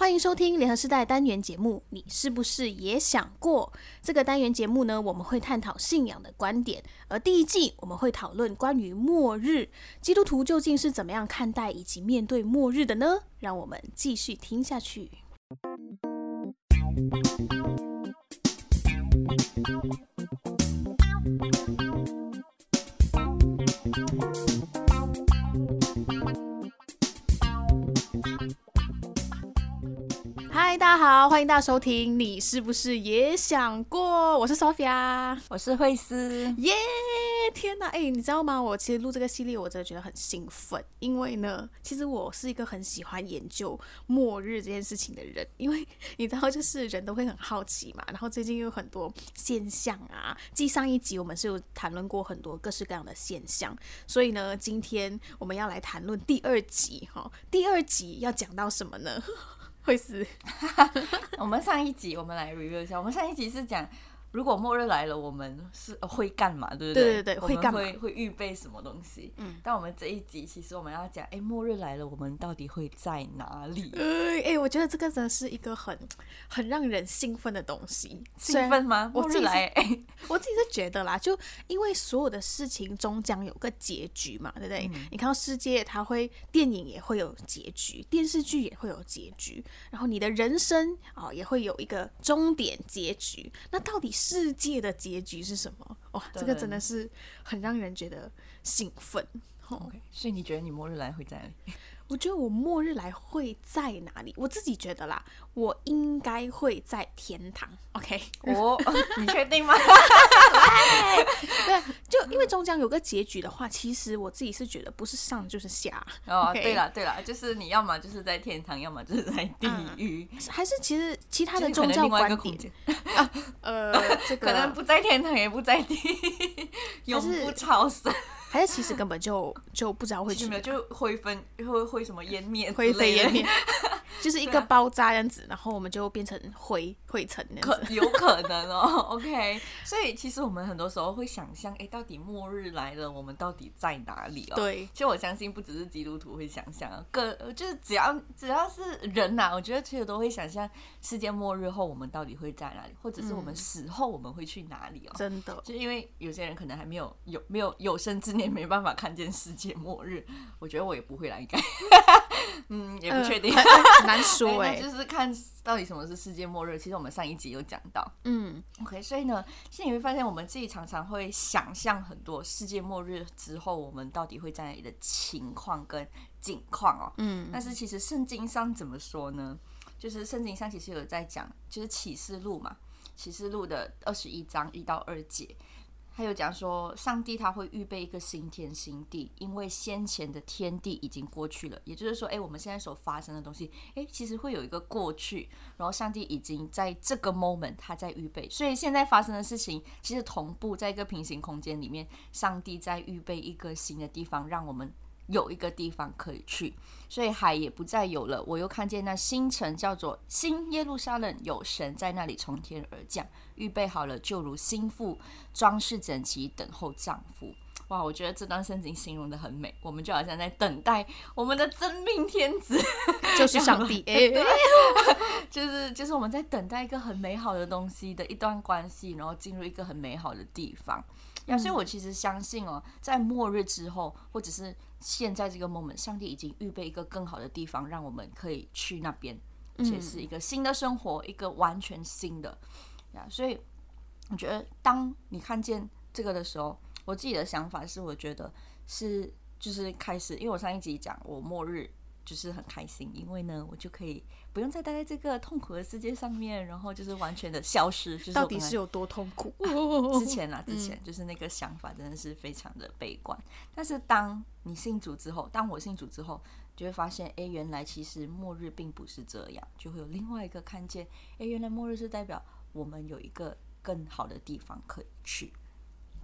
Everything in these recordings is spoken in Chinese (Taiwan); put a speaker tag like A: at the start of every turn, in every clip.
A: 歡迎收聽聯合時代單元節目。你是不是也想過？這個單元節目呢？我們會探討信仰的觀點，而第一季我們會討論關於末日，基督徒究竟是怎麼樣看待以及面對末日的呢？讓我們繼續聽下去。大家好，歡迎大家收聽。你是不是也想過？我是 Sophia，我是慧斯。耶！Yeah, 天哪，哎、欸，你知道嗎？我其實錄這個系列，我真的覺得很興奮，因為呢，其實我是一個很喜歡研究末日這件事情的人。因為你知道，就是人都會很好奇嘛。然後最近又有很多現象啊，繼上一集我們是有談論過很多各式各樣的現象，所以呢，今天我們要來談論第二集哈。第二集要講到什麼呢？會死！ 我們上一集，我們來 review 一下，我們上一集是講。
B: 如果末日來了，我們是會幹嘛，對不對？對，對，對，會會幹嘛？會會預備什麼東西？嗯，但我們這一集其實我們要講，哎，末日來了，我們到底會在哪裡？哎
A: 哎、呃，我覺得這個真的是一個很很讓人興奮的東西。興奮嗎？末日來，我自己是覺得啦， 就因為所有的事情終將有個結局嘛，對不對？嗯、你看到世界，它會電影也會有結局，電視劇也會有結局，然後你的人生啊、哦、也會有一個終點結局，那到底是？世界的結局是什麼？哇，了這個真的是很讓人覺得興奮。OK，所以你覺得你末日來會在哪裡？我覺得我末日來會在哪裡？我自己覺得啦，我應該會在天堂。OK，我、oh， 你確定嗎？ 對，對、啊，就因為終將有個結局的話，其實我自己是覺得不是上就是下。哦、oh, okay.，對了對
B: 了，就是你要麼就是在天堂，要麼就是在地獄，嗯、
A: 還是其實其他的宗教觀點？個 啊、呃，這個啊、可能不在天堂也不在地 永不超生。還是其實根本就就不知道會去沒
B: 就灰飛灰什麼湮滅，灰飛煙滅。 就是一個
A: 爆炸樣子，啊、然後我們就變成灰灰塵，那
B: 有可能哦、喔， ，OK。所以其實我們很多時候會想象，哎、欸，到底末日來了，我們到底在哪裡哦、喔？對。其實我相信不只是基督徒會想象啊、喔，各就是只要只要是人吶、啊，我覺得其實都會想象世界末日後我們到底會在哪裡，或者是我們死後我們會去哪裡哦、喔嗯？真的，就是因為有些人可能還沒有有沒有有生之年沒辦法看見世界末日，我覺得我也不會來改，應該 嗯，也不確定。呃很難說哎、欸，就是看到底什麼是世界末日。其實我們上一集有講到，
A: 嗯
B: ，OK，所以呢，現在你會發現我們自己常常會想象很多世界末日之後我們到底會在哪裡的情況跟景況哦，嗯，但是其實聖經上怎麼說呢？就是聖經上其實有在講，就是啟示錄嘛，啟示錄的二十一章一到二節。他又講說，上帝他會預備一個新天新地，因為先前的天地已經過去了。也就是說，誒，我們現在所發生的東西，誒，其實會有一個過去。然後，上帝已經在這個 moment 他在預備，所以現在發生的事情，其實同步在一個平行空間裡面，上帝在預備一個新的地方，讓我們有一個地方可以去。所以海也不再有了。我又看見那新城叫做新耶路撒冷，有神在那裡從天而降。預備好了，就如新婦裝飾整齊等候丈夫。哇，我覺得這段聖經形容得很美。我們就好像在等待我們的真命天子，就是上帝。對，就是就是我們在等待一個很美好的東西的一段關係，然後進入一個很美好的地方。呀、嗯，所以我其實相信哦、喔，在末日之後，或者是現在這個 moment，上帝已經預備一個更好的地方，讓我們可以去那邊，而且是一個新的生活，嗯、一個完全新的。啊、所以我覺得，當你看見這個的時候，我自己的想法是，我覺得是就是開始，因為我上一集講我末日就是很開心，因為呢，我就可以不用再待在這個痛苦的世界上面，然後就是完全的消失。就是、到底是有多痛苦？啊、之前啊，之前就是那個想法真的是非常的悲觀。嗯、但是當你信主之後，當我信主之後，就會發現，哎、欸，原來其實末日並不是這樣，就會有另外一個看見，哎、欸，原來末日是代表。我們有一個更好的地方可以去，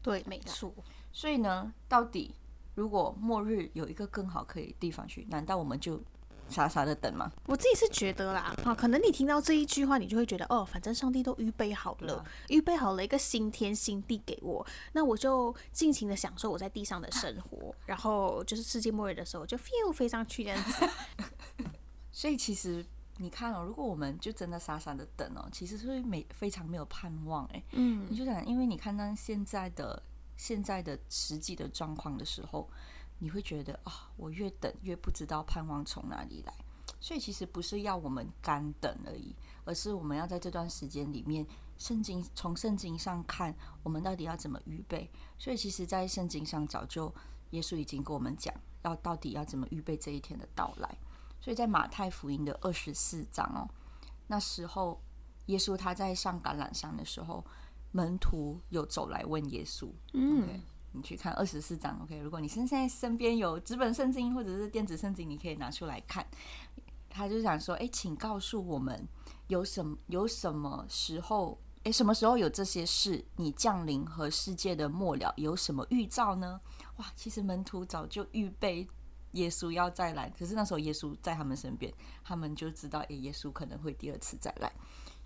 B: 對，沒錯。所以呢，到底如果末日有一個更好可以地方去，難道我們就傻傻的等嗎？
A: 我自己是覺得啦，啊，可能你聽到這一句話，你就會覺得，哦，反正上帝都預備好了，啊、預備好了一個新天新地給我，那我就盡情的享受我在地上的生活，啊、然後就是世界末日的時候我就飛飛上去這樣子。 所以其實。
B: 你看哦，如果我們就真的傻傻的等哦，其實是沒非常沒有盼望欸。嗯，你就想，因為你看到現在的現在的實際的狀況的時候，你會覺得啊，我越等越不知道盼望從哪裡來。所以其實不是要我們乾等而已，而是我們要在這段時間裡面，聖經從聖經上看，我們到底要怎麼預備。所以其實，在聖經上早就耶穌已經跟我們講，要到底要怎麼預備這一天的到來。所以在馬太福音的二十四章哦，那時候耶穌他在上橄欖山的時候，門徒有走來問耶穌、嗯、：“OK，你去看二十四章。”OK，如果你現在身邊有紙本聖經或者是電子聖經，你可以拿出來看。他就想說：“誒、欸，請告訴我們，有什麼有什麼時候？誒、欸，什麼時候有這些事？你降臨和世界的末了有什麼預兆呢？”哇，其實門徒早就預備。耶穌要再來，可是那時候耶穌在他們身邊，他們就知道，耶、欸。耶穌可能會第二次再來。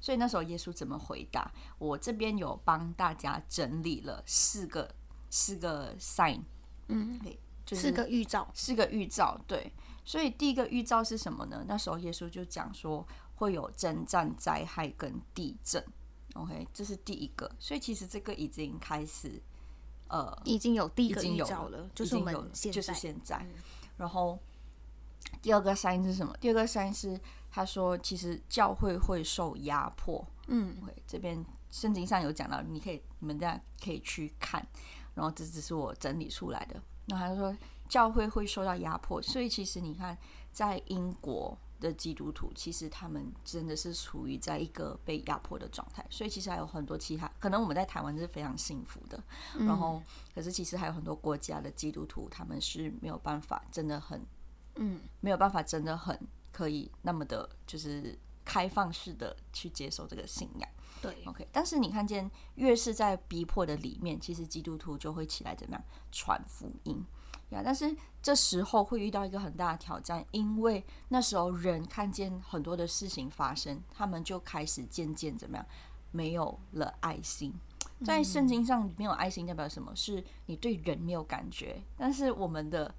B: 所以那時候耶穌怎麼回答？我這邊有幫大家整理了四個四個 sign，嗯，四個預、嗯、兆，四個預兆，對。所以第一個預兆是什麼呢？那時候耶穌就講說會有征戰、災害跟地震。OK，這是第一個。所以其實這個已經開始，呃，已經有第一個預兆了，已經有，就是我們就是現在。然後第二個 sign 是什麼？第二個 sign 是他說，其實教會會受壓迫。
A: 嗯，
B: 這邊聖經上有講到，你可以，你們這樣可以去看。然後這只是我整理出來的。然後他就說，教會會受到壓迫，所以其實你看，在英國。的基督徒其實他們真的是處於在一個被壓迫的狀態，所以其實還有很多其他，可能我們在台灣是非常幸福的，嗯，然後可是其實還有很多國家的基督徒，他們是沒有辦法，真的很，嗯，沒有辦法，真的很可以那麼的，就是開放式的去接受這個信仰。對，OK，但是你看見越是在逼迫的裡面，其實基督徒就會起來怎麼樣傳福音。呀，但是這時候會遇到一個很大的挑戰，因為那時候人看見很多的事情發生，他們就開始漸漸怎麼樣，沒有了愛心。在聖經上，沒有愛心代表什麼？是你對人沒有感覺。但是我們的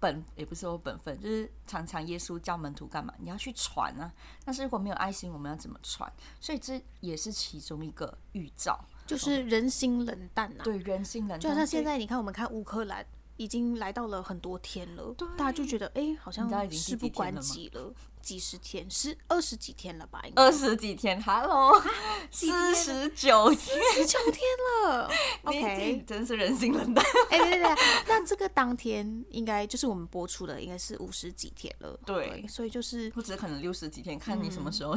B: 本也不是說本分，就是常常耶穌教門徒幹嘛？你要去傳啊。但是如果沒有愛心，我們要怎麼傳？所以這也是其中一個預兆，
A: 就是人心冷淡啊。對，人心冷淡，就像現在你看，我們看烏克蘭。已經來到了很多天了，對大家就覺得哎、欸，好像幾幾事不關己了。幾十天是二十幾天了吧？二十幾天，Hello，四十九天，四十九天了。OK，真是人心冷淡。哎，對對對，那這個當天應該就是我們播出的，應該是五十幾天了。對，所以就是不止可能六十幾天，看你什麼時候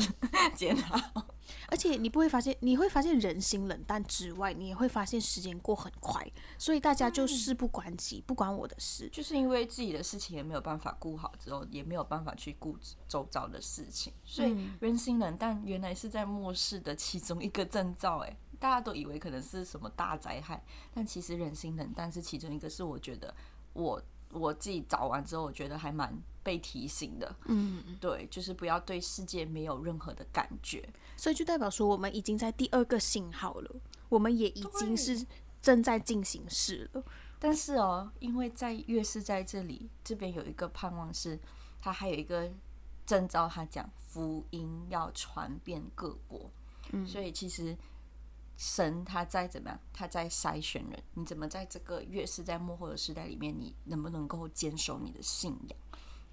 A: 接到。而且你不會發現，你會發現人心冷淡之外，你也會發現時間過很快，所以大家就事不關己，不管我的事，
B: 就是因為自己的事情也沒有辦法顧好，之後也沒有辦法去顧。周遭的事情，所以人心冷淡，原來是在末世的其中一個徵兆、欸。哎，大家都以為可能是什麼大災害，但其實人心冷淡是其中一個是我覺得我我自己找完之後，我覺得還蠻被提醒的。嗯，對，就是不要對
A: 世界沒有任何的感覺，所以就代表說我們已經在第二個信號了，我們也已經是正在進行式了。對但是哦，因為在
B: 越是在這裡這邊有一個盼望是，它還有一個。正照他講，福音要傳遍各國，嗯、所以其實神他在怎麼樣，他在篩選人。你怎麼在這個越是在末後的時代裡面，你能不能夠堅守你的信仰？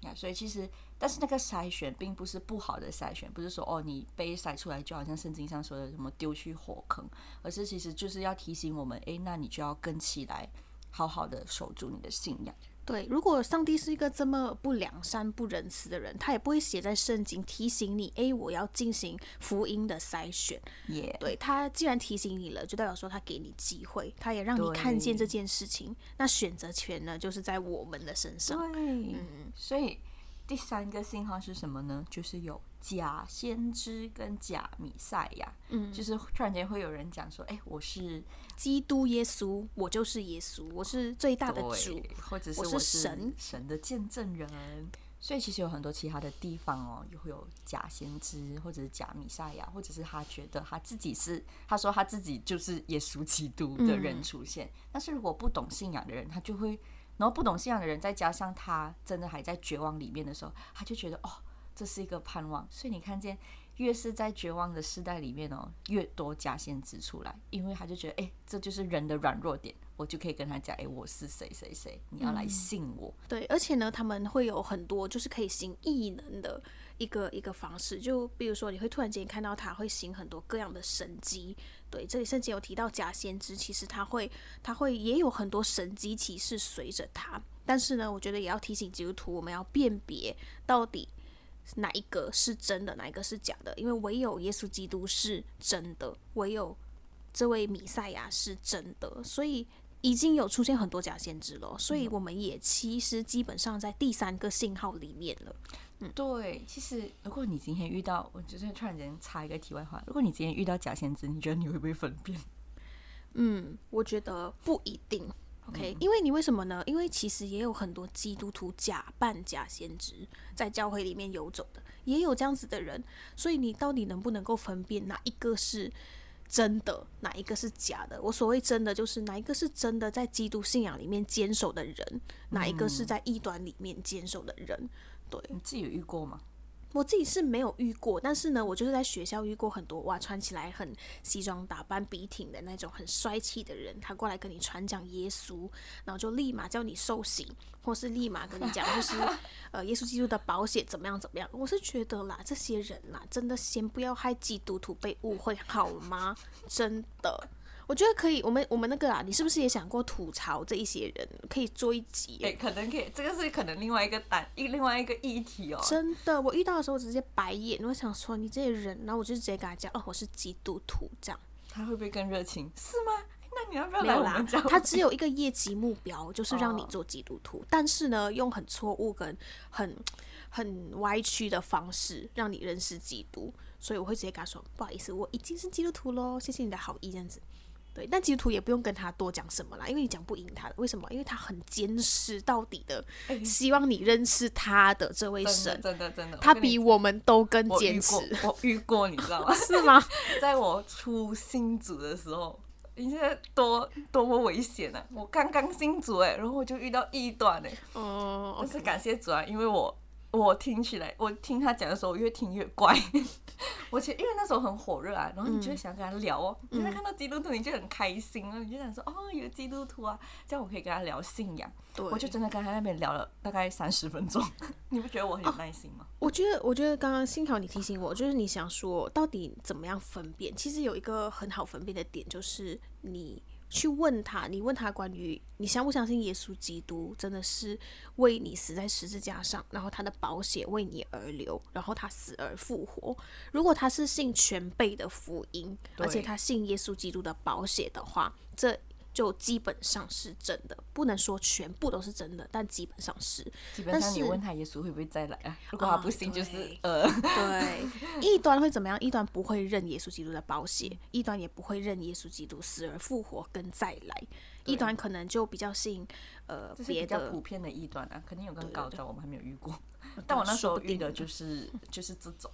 B: 那、啊、所以其實，但是那個篩選並不是不好的篩選，不是說哦你被篩出來就好像聖經上說的什麼丟去火坑，而是其實就是要提醒我們，哎、欸，那你就要跟起來，好好的守住你的信仰。
A: 對，如果上帝是一個這麼不良善、善不仁慈的人，他也不會寫在聖經提醒你。誒，我要進行福音的篩選。Yeah. 對，他既然提醒你了，就代表說他給你機會，他也讓你看見這件事情。對那選擇權呢，就是在我們的身上。對，嗯，所以。第三個信號是什麼呢？就是有
B: 假先知跟假彌賽亞，嗯，就是突然間會有人講說：“哎、欸，
A: 我是基督耶穌，我就是耶穌，我是最大的主，或者是我是神
B: 神的見證人。”所以其實有很多其他的地方哦，也會有，有假先知，或者是假彌賽亞，或者是他覺得他自己是他說他自己就是耶穌基督的人出現。嗯、但是如果不懂信仰的人，他就會。然後不懂信仰的人，再加上他真的還在絕望裡面的時候，他就覺得哦，這是一個盼望。所以你看見，越是在絕望的世代裡面哦，越多假先知出來，因為他就覺得哎，這就是人的軟弱點。我就可以跟他講，哎、欸，我是誰誰誰，你要來信
A: 我、嗯。對，而且呢，他們會有很多就是可以行異能的一個一個方式，就比如說你會突然間看到他會行很多各樣的神蹟。對，這裡甚至有提到假先知，其實他會，他會也有很多神蹟奇事隨着他。但是呢，我覺得也要提醒基督徒，我們要辨別到底哪一個是真的，哪一個是假的，因為唯有耶穌基督是真的，唯有這位彌賽亞是真的，所以。已經有出現很多假先知了，所以我們也其實基本上在第三個信號裡面了。
B: 嗯，對，其實如果你今天遇到，我就算突然間插一個題外話，如果你今天遇到假先知，你覺得你會不會分辨？嗯，
A: 我覺得不一定。OK，嗯，因為你為什麼呢？因為其實也有很多基督徒假扮假先知在教會裡面遊走的，也有這樣子的人，所以你到底能不能夠分辨哪一個是？真的，哪一個是假的？我所謂真的，就是哪一個是真的在基督信仰裡面堅守的人，哪一個是在異端裡面堅守的人？對。嗯，你自己有遇過嗎？我自己是沒有遇過，但是呢，我就是在學校遇過很多哇，穿起來很西裝打扮、筆挺的那種很帥氣的人，他過來跟你傳講耶穌，然後就立馬叫你受洗，或是立馬跟你講，就是 呃，耶穌基督的保險怎麼樣怎麼樣。我是覺得啦，這些人吶，真的先不要害基督徒被誤會好嗎？真的。我覺得可以，我們我們那個啊，你是不是也想過吐槽這一些人？可以做一集，欸？
B: 可能可以，這個是可能另外一個單，另外一個議題哦。真
A: 的，我遇到的時候我直接白眼，我想說你這些人，然後我就直接跟他講，哦，我是基督徒這樣。他會不會更熱情？是嗎？欸？那你要不要來我們家？沒有啦，他只有一個業績目標，就是讓你做基督徒。哦，但是呢，用很錯誤跟很很歪曲的方式讓你認識基督，所以我會直接跟他說，不好意思，我已經是基督徒嘍，謝謝你的好意這樣子。對，但基督徒也不用跟他多講什麼啦，因為你講不贏他的。為什麼？因為他很堅持到底的，欸、希望你認識他的這位神。真的，真的，真的，他比我們都更堅持我。我遇
B: 過，遇過你知道嗎？ 是嗎？ 在我初信主的時候，你現在多多麼危險呢、啊？我剛剛信主誒、欸，然後我就遇到異端誒、欸。嗯，我是感謝主啊，因為我。我聽起來，我聽他講的時候，我越聽越怪。 我且因為那時候很火熱啊，然後你就想跟他聊哦，因為、嗯、看到基督徒你就很開心啊，嗯、你就想說哦，有基督徒啊，這樣我可以跟他聊信仰。對我就真的跟他那邊聊了大概三十分鐘。 你不覺得我很有耐心嗎、
A: 啊？我覺得，我覺得剛剛幸好你提醒我，就是你想說到底怎麼樣分辨？其實有一個很好分辨的點就是你。去問他，你問他關於你相不相信耶穌基督真的是為你死在十字架上，然後他的寶血為你而流，然後他死而復活。如果他是信全備的福音，對而且他信耶穌基督的寶血的話，這。就基本上是真的，不能說全部都是真的，但基本上是。基本上你問他耶穌會不會再來？啊，是如果他不信，就
B: 是、啊、呃，對
A: 異 端會怎麼樣？異端不會認耶穌基督的寶血，異端也不會認耶穌基督死而復活跟再來。異對端可能就比較信呃別的。比較普遍的異端啊，肯定有更高級的，我們還沒有遇過。對對對，但我那時候遇的就是、嗯、就是這種。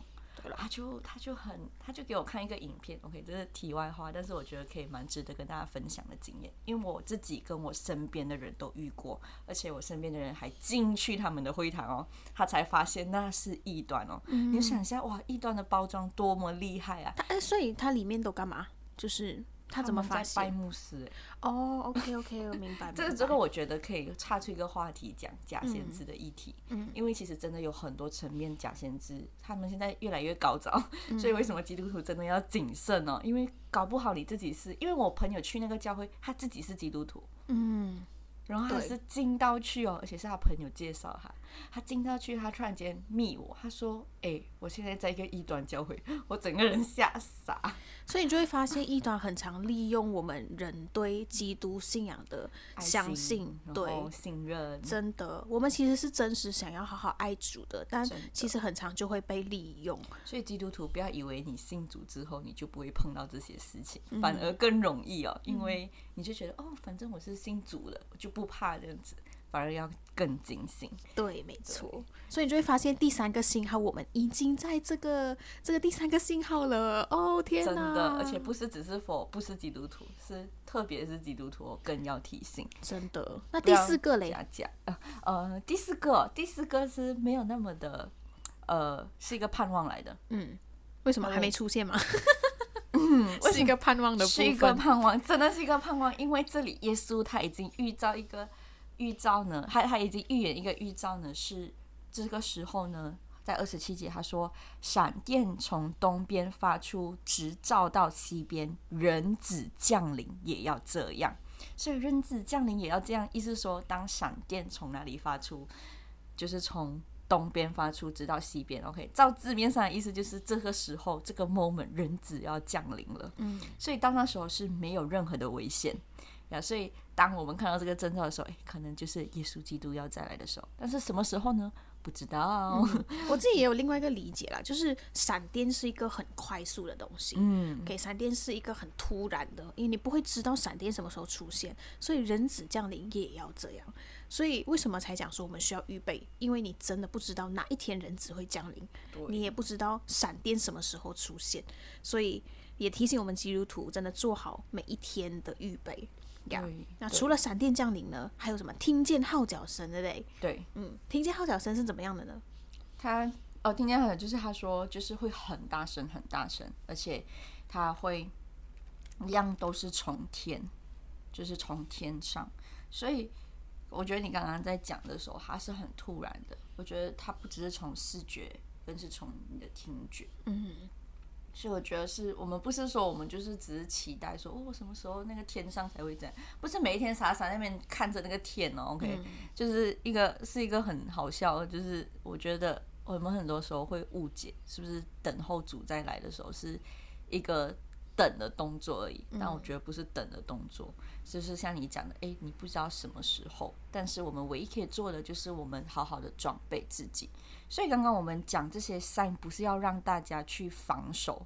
B: 他就他就很他就給我看一個影片，OK，這是題外話，但是我覺得可以蠻值得跟大家分享的經驗，因為我自己跟我身邊的人都遇過，而且我身邊的人還進去他們的會堂哦，他才發現那是異端哦。嗯。你想一下，哇，異端的包裝多麼厲害啊！
A: 所以它裡面都幹嘛？
B: 就是。他怎麼拜他發拜牧師，
A: 欸？哦、oh，OK OK，我明白。 這個這個，
B: 我覺得可以岔出一個話題，講假先知的議題。嗯、因為其實真的有很多層面假先知，他們現在越來越高漲，嗯、所以為什麼基督徒真的要謹慎哦？因為搞不好你自己是，因為我朋友去那個教會，他自己是基督徒，嗯，然後他是進到去哦，對而且是他朋友介紹他。他進到去，他突然間密我，他說：“哎、欸，我現在在一個異端教會，我整個人嚇
A: 傻。”所以你就會發現，異端很常利用我們人對基督信仰的相信，愛心，對信任，真的，我們其實是真實想要好好愛主的，但其實很常就會被利用。
B: 所以基督徒不要以為你信主之後你就不會碰到這些事情，反而更容易哦，嗯、因為你就覺得哦，反正我是信主的，我就不怕這樣子。反而要更警醒，
A: 對，沒錯，對所以你就會發現第三個信號，我們已經在這個這個第三個信號了。哦、oh, 天哪！真的，而且不
B: 是只是佛，不是基督徒，是特別是基督徒更要提醒。真的，那第四個嘞？講啊，呃，第四個，第四個是沒有那麼的，呃，是一個盼望來的。
A: 嗯，為什麼還沒出現嗎？嗯， 是一個盼望的部分，是一個盼
B: 望，真的是一個盼望，因為這裡耶穌他已經遇到一個。預兆呢？他他已經預言一個預兆呢，是這個時候呢，在二十七節他說：“閃電從東邊發出，直照到西邊，人子降臨也要這樣。”所以人子降臨也要這樣，意思說，當閃電從哪裡發出，就是從東邊發出，直到西邊。OK，照字面上的意思，就是這個時候這個 moment 人子要降臨了。嗯，所以到那時候是沒有任何的危險呀、啊，所以。當我們看到這個徵兆的時候，誒，可能就是耶穌基督要再來的時候。但是什麼時候呢？不知
A: 道。嗯，我自己也有另外一個理解啦，就是閃電是一個很快速的東西，嗯，給、okay, 閃電是一個很突然的，因為你不會知道閃電什麼時候出現，所以人子降臨也要這樣。所以為什麼才講說我們需要預備？因為你真的不知道哪一天人子會降臨，對你也不知道閃電什麼時候出現，所以也提醒我們基督徒真的做好每一天的預備。Yeah, 對那除了閃電降臨呢？對還有什麼？聽見號角聲，對不對？對，嗯，聽見號角聲是怎麼樣的呢？他哦，聽見很就是他說就
B: 是會很大聲很大聲，而且他會一樣都是從天，就是從天上。所以我覺得你剛剛在講的時候，他是很突然的。我覺得他不只是從視覺，更是從你的聽覺。嗯。所以我覺得是我們不是說我們就是只是期待說哦，什麼時候那個天上才會這樣，不是每一天傻傻在那邊看着那個天哦，OK，嗯，就是一個是一個很好笑的，就是我覺得我們很多時候會誤解，是不是等候主再來的時候是一個。等的動作而已，但我覺得不是等的動作，嗯、就是像你講的，哎、欸，你不知道什麼時候，但是我們唯一可以做的就是我們好好的裝備自己。所以剛剛我們講這些 sign 不是要讓大家去防守，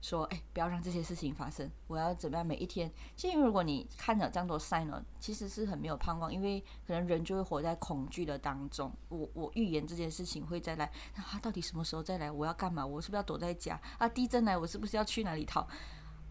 B: 說，哎、欸，不要讓這些事情發生。我要怎麼樣？每一天，其實如果你看了這麼多 sign 呢，其實是很沒有盼望，因為可能人就會活在恐懼的當中。我我預言這件事情會再來，那、啊、它到底什麼時候再來？我要幹嘛？我是不是要躲在家？啊，地震來，我是不是要去哪裡逃？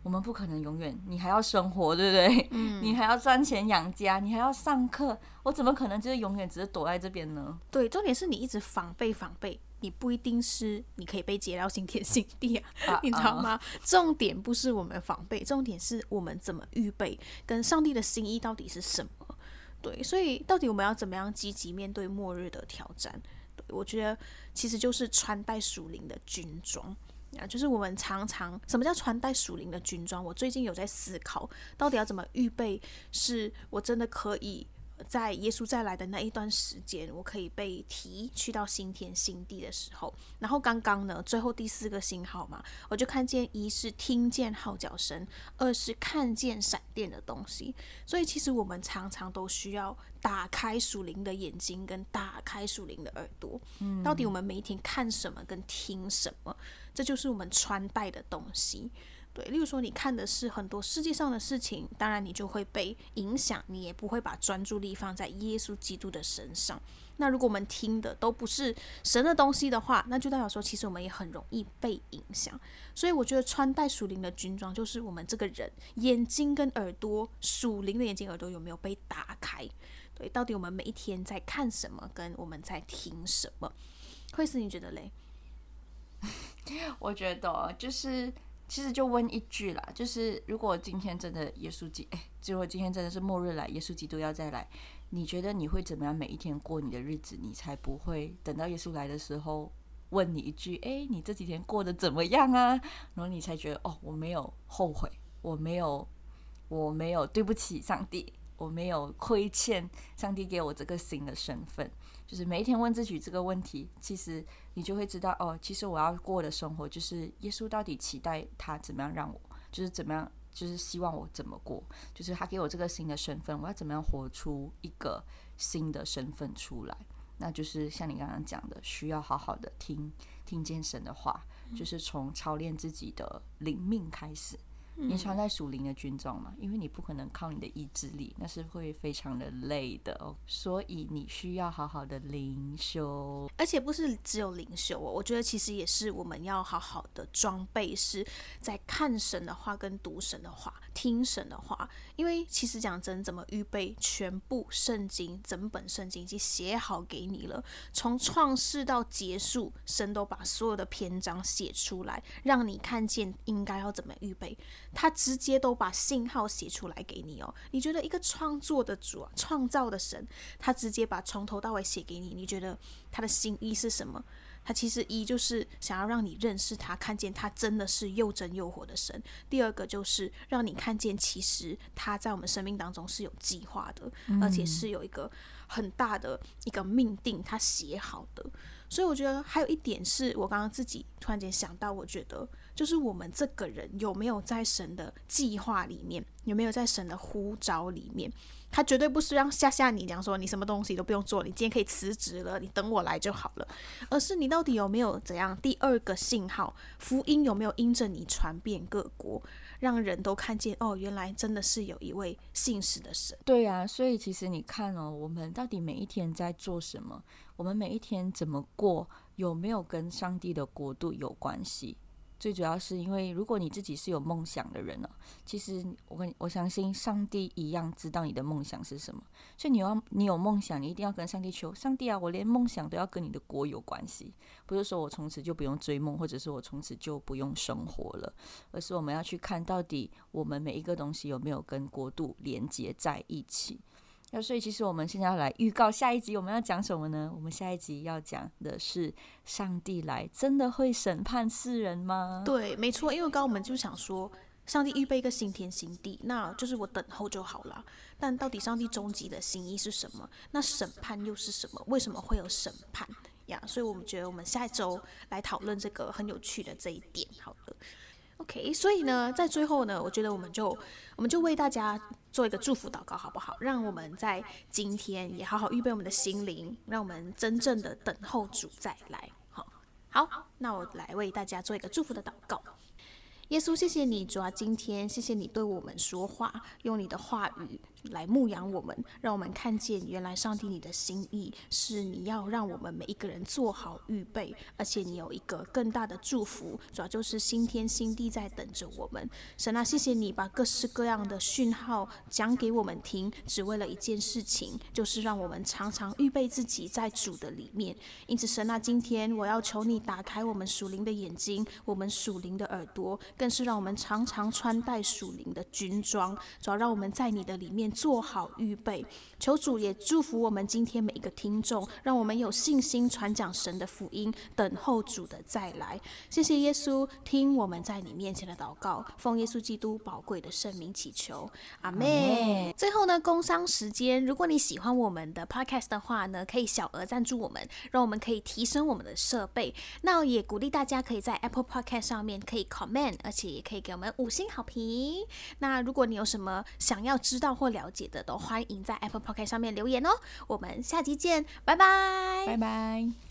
B: 我們不可能永遠，你還要生活，對不對？嗯，你還要賺錢養家，你還要上課，我怎麼可能就是永遠只是躲在這邊呢？
A: 對，重點是你一直防備防備，你不一定是你可以被接到新天新地啊，啊 你知道嗎？啊、重點不是我們防備，重點是我們怎麼預備，跟上帝的心意到底是什麼？對，所以到底我們要怎麼樣積極面對末日的挑戰？對，我覺得其實就是穿戴屬靈的軍裝。啊，就是我們常常什麼叫穿戴屬靈的軍裝？我最近有在思考，到底要怎麼預備，是我真的可以？在耶穌再來的那一段時間，我可以被提去到新天新地的時候。然後剛剛呢，最後第四個信號嘛，我就看見一是聽見號角聲，二是看見閃電的東西。所以其實我們常常都需要打開屬靈的眼睛跟打開屬靈的耳朵。嗯，到底我們每一天看什麼跟聽什麼，這就是我們穿戴的東西。對，例如說，你看的是很多世界上的事情，當然你就會被影響，你也不會把專注力放在耶穌基督的身上。那如果我們聽的都不是神的東西的話，那就代表說，其實我們也很容易被影響。所以我覺得穿戴屬靈的軍裝，就是我們這個人眼睛跟耳朵，屬靈的眼睛耳朵有沒有被打開？對，到底我們每一天在看什麼，跟我們在聽什麼？惠思，你覺得嘞？
B: 我覺得就是。其實就問一句啦，就是如果今天真的耶穌基，哎，如果今天真的是末日來，耶穌基督要再來，你覺得你會怎麼樣？每一天過你的日子，你才不會等到耶穌來的時候問你一句：“哎，你這幾天過得怎麼樣啊？”然後你才覺得：“哦，我沒有後悔，我沒有，我沒有對不起上帝。”我沒有虧欠上帝給我這個新的身份，就是每一天問自己這個問題，其實你就會知道哦，其實我要過的生活就是耶穌到底期待他怎麼樣讓我，就是怎麼樣，就是希望我怎麼過，就是他給我這個新的身份，我要怎麼樣活出一個新的身份出來？那就是像你剛剛講的，需要好好的聽聽見神的話，就是從操練自己的靈命開始。你穿戴屬靈的軍裝嘛，因為你不可能靠你的意志力，那是會非常的累的哦。所以你需要好好的靈修，
A: 而且不是只有靈修哦，我覺得其實也是我們要好好的裝備，是在看神的話、跟讀神的話、聽神的話。因為其實講真，怎麼預備，全部聖經、整本聖經已經寫好給你了，從創世到結束，神都把所有的篇章寫出來，讓你看見應該要怎麼預備。他直接都把信號寫出來給你哦，你覺得一個創作的主啊，創造的神，他直接把從頭到尾寫給你，你覺得他的心意是什麼？他其實一就是想要讓你認識他，看見他真的是又真又活的神；第二個就是讓你看見，其實他在我們生命當中是有計劃的，而且是有一個很大的一個命定，他寫好的。所以我覺得還有一點是，我剛剛自己突然間想到，我覺得。就是我們這個人有沒有在神的計劃裡面，有沒有在神的呼召裡面？他絕對不是讓嚇嚇你，講說你什麼東西都不用做，你今天可以辭職了，你等我來就好了。而是你到底有沒有怎樣？第二個信號，福音有沒有因着你傳遍各國，讓人都看見哦，原來真的是有一位信實的神。
B: 對呀、啊，所以其實你看哦，我們到底每一天在做什麼？我們每一天怎麼過，有沒有跟上帝的國度有關係？最主要是因為，如果你自己是有夢想的人呢、啊，其實我跟我相信上帝一樣知道你的夢想是什麼。所以你要你有夢想，你一定要跟上帝求上帝啊！我連夢想都要跟你的國有關係，不是說我從此就不用追夢，或者說我從此就不用生活了，而是我們要去看到底我們每一個東西有沒有跟國度連接在一起。所以，其實我們現在要來預告下一集我們要講什麼呢？我們下一集要講的是，上帝來真的會審判世
A: 人嗎？對，沒錯，因為剛剛我們就想說，上帝預備一個新天新地，那就是我等候就好了。但到底上帝終極的心意是什麼？那審判又是什麼？為什麼會有審判呀？所以我們覺得我們下一周來討論這個很有趣的這一點。好的，OK。所以呢，在最後呢，我覺得我們就我們就為大家。做一個祝福禱告，好不好？讓我們在今天也好好預備我們的心靈，讓我們真正的等候主再來。好，好，那我來為大家做一個祝福的禱告。耶穌，謝謝你，主啊，今天謝謝你對我們說話，用你的話語。來牧養我們，讓我們看見原來上帝你的心意是你要讓我們每一個人做好預備，而且你有一個更大的祝福，主要就是新天新地在等着我們。神啊，謝謝你把各式各樣的訊號講給我們聽，只為了一件事情，就是讓我們常常預備自己在主的裡面。因此，神啊，今天我要求你打開我們屬靈的眼睛，我們屬靈的耳朵，更是讓我們常常穿戴屬靈的軍裝，主要讓我們在你的裡面。做好預備，求主也祝福我們今天每一個聽眾，讓我們有信心傳講神的福音，等候主的再來。謝謝耶穌，聽我們在你面前的禱告，奉耶穌基督寶貴的聖名祈求，阿們。最後呢，工商時間，如果你喜歡我們的 podcast 的話呢，可以小額贊助我們，讓我們可以提升我們的設備。那也鼓勵大家可以在 Apple Podcast 上面可以 comment，而且也可以給我們五星好評。那如果你有什麼想要知道或了，了解的都歡迎在 Apple Podcast 上面留言哦，我們下期見，拜拜，拜拜。